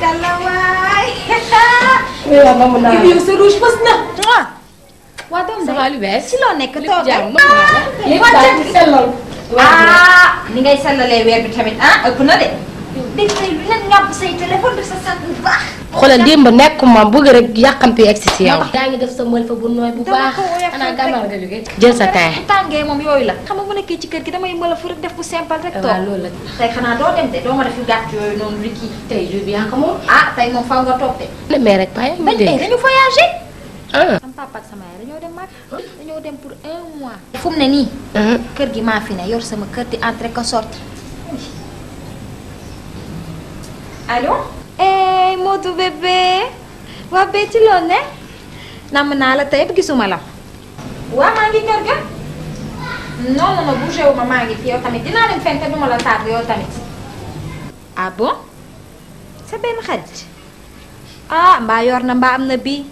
ka la waay. yow sa rouge bës na. waa doom day lu bees ci loo nekk toog ah ni ngay sellalee weer bi tamit ah ëpp ah, na de. dégg nga lu leen ñàpp say téléphone def sa set bu xoolal démb nekk moom bëgg rek yàqamti egg si si yow. yaa ngi def sa sa taay bu yooyu la. xam nga bu nekkee ci kër gi damay mël fu de doo ma def yu gàtt yooyu noonu li kii tey ah, mais rek bàyyi ma dégg eh, dañu voyagé. am ah. papa dañoo dem mag dañoo dem pour un mois. fu mu ne nii. Uh-huh. kër gi maa fi ne yor sama kër di entrée ko sorti Modou bebe wa bee ci lo ne Nam naa la tey bu gisuma la Wa mangi ngi non non ma ngi fi yo tamit dina len fente duma la tar yo tamit ah bon sa ben ah mbaa yor na mbaa amna bi.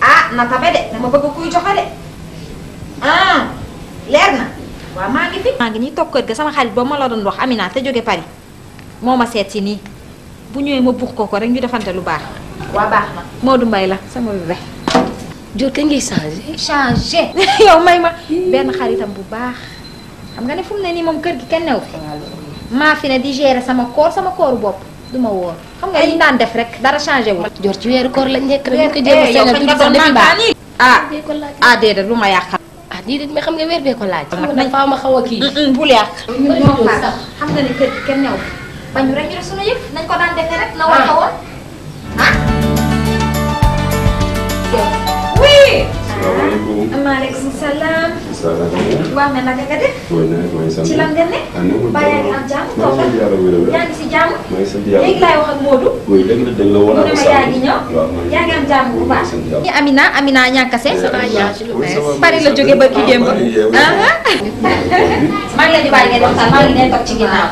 ah na tabe de dama bëgg kuy joxale. ah leer na mangi maa ngi fi maa ngi ga sama xarit bo ma la doon wax Amina te Paris Moma setti ni bu ñëwee ma buux ko ko rek ñu defante lu baax. waa baax na Modou Mbaye la sama bébé. jur kañ ngay changé. changé yow may ma. benn xaritam bu baax. xam nga ne fu mu ne nii moom kër gi kenn newu fi. maa fi ne di gérer sama koor sama kooru bopp du ma wóor. xam nga li ñu daan def rek dara changé wu. jor ci weeru koor la njëkk rek. ñu ko jéem a eh, ah ah, ah déedéet lu ma yàqal. ah déedéet mais xam nga weer bee ko laaj. Ah, xam nga dafa xaw a kii. bul yàq. xam nga ne kër gi kenn newu bañu rek ñu def suñu yëf nañ ko daan defee rek. la war a ah. woon. maaleykum salaam. waaw mais naka nga def. ci lan nga ne. bàyyi ak am jàmm toogal. yaa ngi si jàmm. léegi laay wax ak Modou. mu ne ma yaa ngi ñëw. yaa ngi am jam, bu baax. ñu Amina Amina Niankase. Paris la jógee ba kii démb. maa iya, ngi leen di bàyyi ngeen waxtaan maa ngi leen toog ci ginnaaw.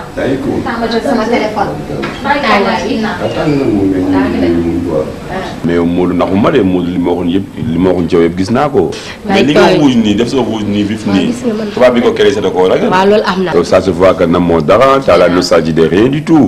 ma jot sama téléphone. mais yow Moodu naxuma de Moodu li ma waxoon yëpp li ma waxoon ci gis naa ko. mais li nga wuuj nii def soo wuuj nii vif nii. tubaab bi ko créé sa da koo sa waaw na. se voit que na moo dara t'as la nostalgie de rien du tout.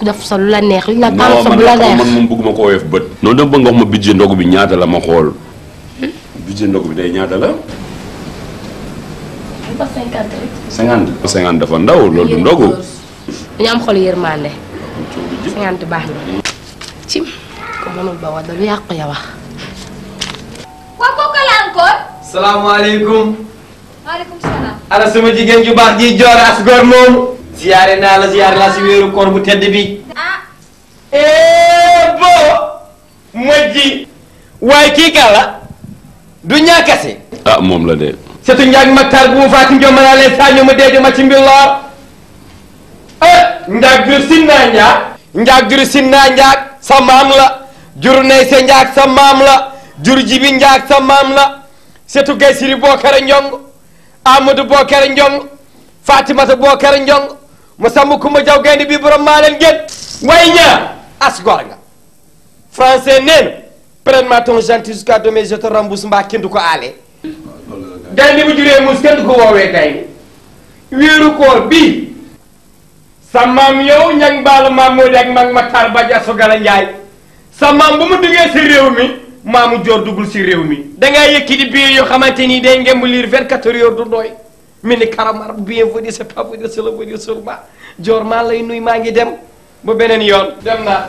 daf sa lu la neex la tam sa bu la neex man mom bëgguma ko woyef beut non bëgg ma budget ndogu bi ñaata la ma xol hmm? budget ndogu bi day ñaata la 50 50 50 dafa ndaw lool du ndogu ñu am xol yermane 50 bax na ci ko mënul ba wadal ya wax ko ko la encore salam alaykum alaykum salam ala sama jigen ju bax ji jor as gor mom ziyaare naa la ziyaare laa si wéeru koor bu tedd bi. ah. Eh, mojji. waaye kii kàlla. du ñàkkase. ah moom la de. surtout Ndiak Maktar bu mu faati Ndiome laa leen saa ñëw ma dee ci mbir lool. ah. jur sin naa sa maam la. jur nay se Ndiak sa maam la. jur ji bi sa maam la. surtout Gaysiri Bokar Njong. Amadou Bokar Njong. Fatimata Bokar Njong. ma sàmm ku ma jaw gaynde bi borom maa leen gën way ñaa as gor nga français neen prenne-moi ton gentil jusqu'à demain je te rembourse mbaa kenn du ko aale gaynde bu juree mus kenn du ko woowee gaynde wéeru koor bii sa yow ñag baalu maam moo di ak mag Matar Ba di Njaay sa bu mu duggee si réew mi maamu joor duggul si réew mi dangay yëkki di biir yoo xamante nii day ngemb liir 24 heures du doy mini karamar bien bienvenue c'est pas venu c'est le venu sûrement jor ma lay nuy maa ngi dem ba beneen yoon dem naa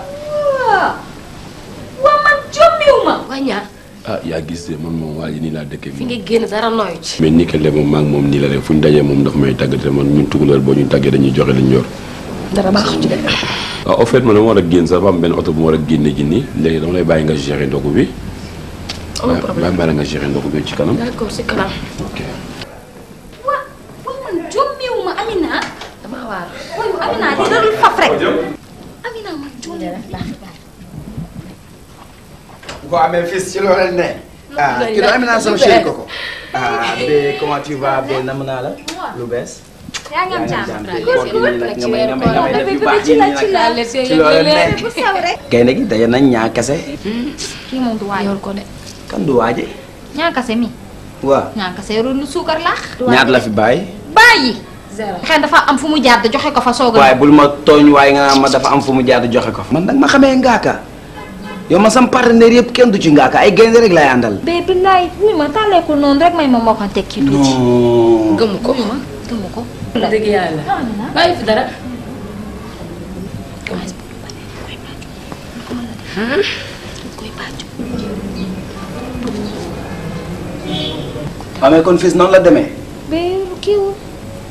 wa man jommiw ma waa ñaar ah ya gis de man moom waa ji nii laa fi nga génn dara noy ci mais ni ke le mom maag mom ni la rek fuñ dajé mom ndox may tàgg té man ñun tugalal bo ñu tàggee dañuy joxé li ñor dara bax ci dé ah au fait man dama war a génn sax am benn oto bu ma war a génne ji nii léegi dama lay bayyi nga gérer ndogu bi amul problème bàyyi nga gérer ndogu bi ci kanam d'accord c'est kanam ok bi da dul faf rek. Amina man jooju bu ko amee fii si loolu ne. kii daal Amina naa la lu bees. yaa ngi am jàmm gaynde gi daje nañ ñaa kese. kii moom du waajal de. kan du mi. waaw ñaa lu suukar laax. ñaar la fi bàyyi. bàyyi. zéro dafa am fu mu jaar da joxe ko fa soog a. waaye bul ma tooñ waaye nga ma dafa am fu mu jaar da joxe ko fa. man nag ma xamee ngaaka yow ma sam partenaire yëpp kenn du ci ngaaka ay gaynde rek laay àndal. mais billaay wuy ma tàlleekul noonu rek may ma moo ko teg ko ko. dëgg yàlla bàyyi fi kon fis noonu la deme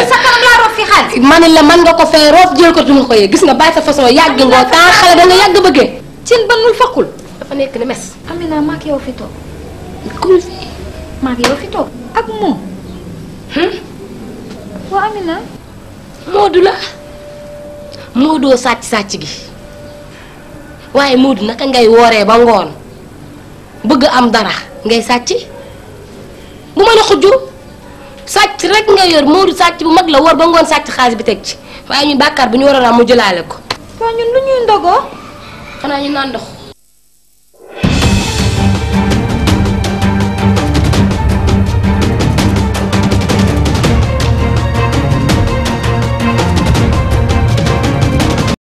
sa kanam laa roof la mën nga ko fee roof jël ko duñu ko yee gis nga bàyyi sa façon yàgg ngoo temps xale da nga yàgg bëggee cin banul fakkul dafa nekk ni mes Amina maa ngi yow fi toog comme fii fi toog ak moom hmm? waa Amina Moodu la Moodoo sàcc sàcc gi waaye Moodu naka ngay wooree ba ngoon bëgg am dara ngay sàcc bu ma ne xujju ci rek nga yor Modou sàcc bu mag la wor ba ngoon sàcc xaalis bi teg ci waaye ñun bàkkaar bu ñu waroon a am mu jëlaale ko. waaw ñun lu ñuy ndogoo. xanaa ñu naan ndox.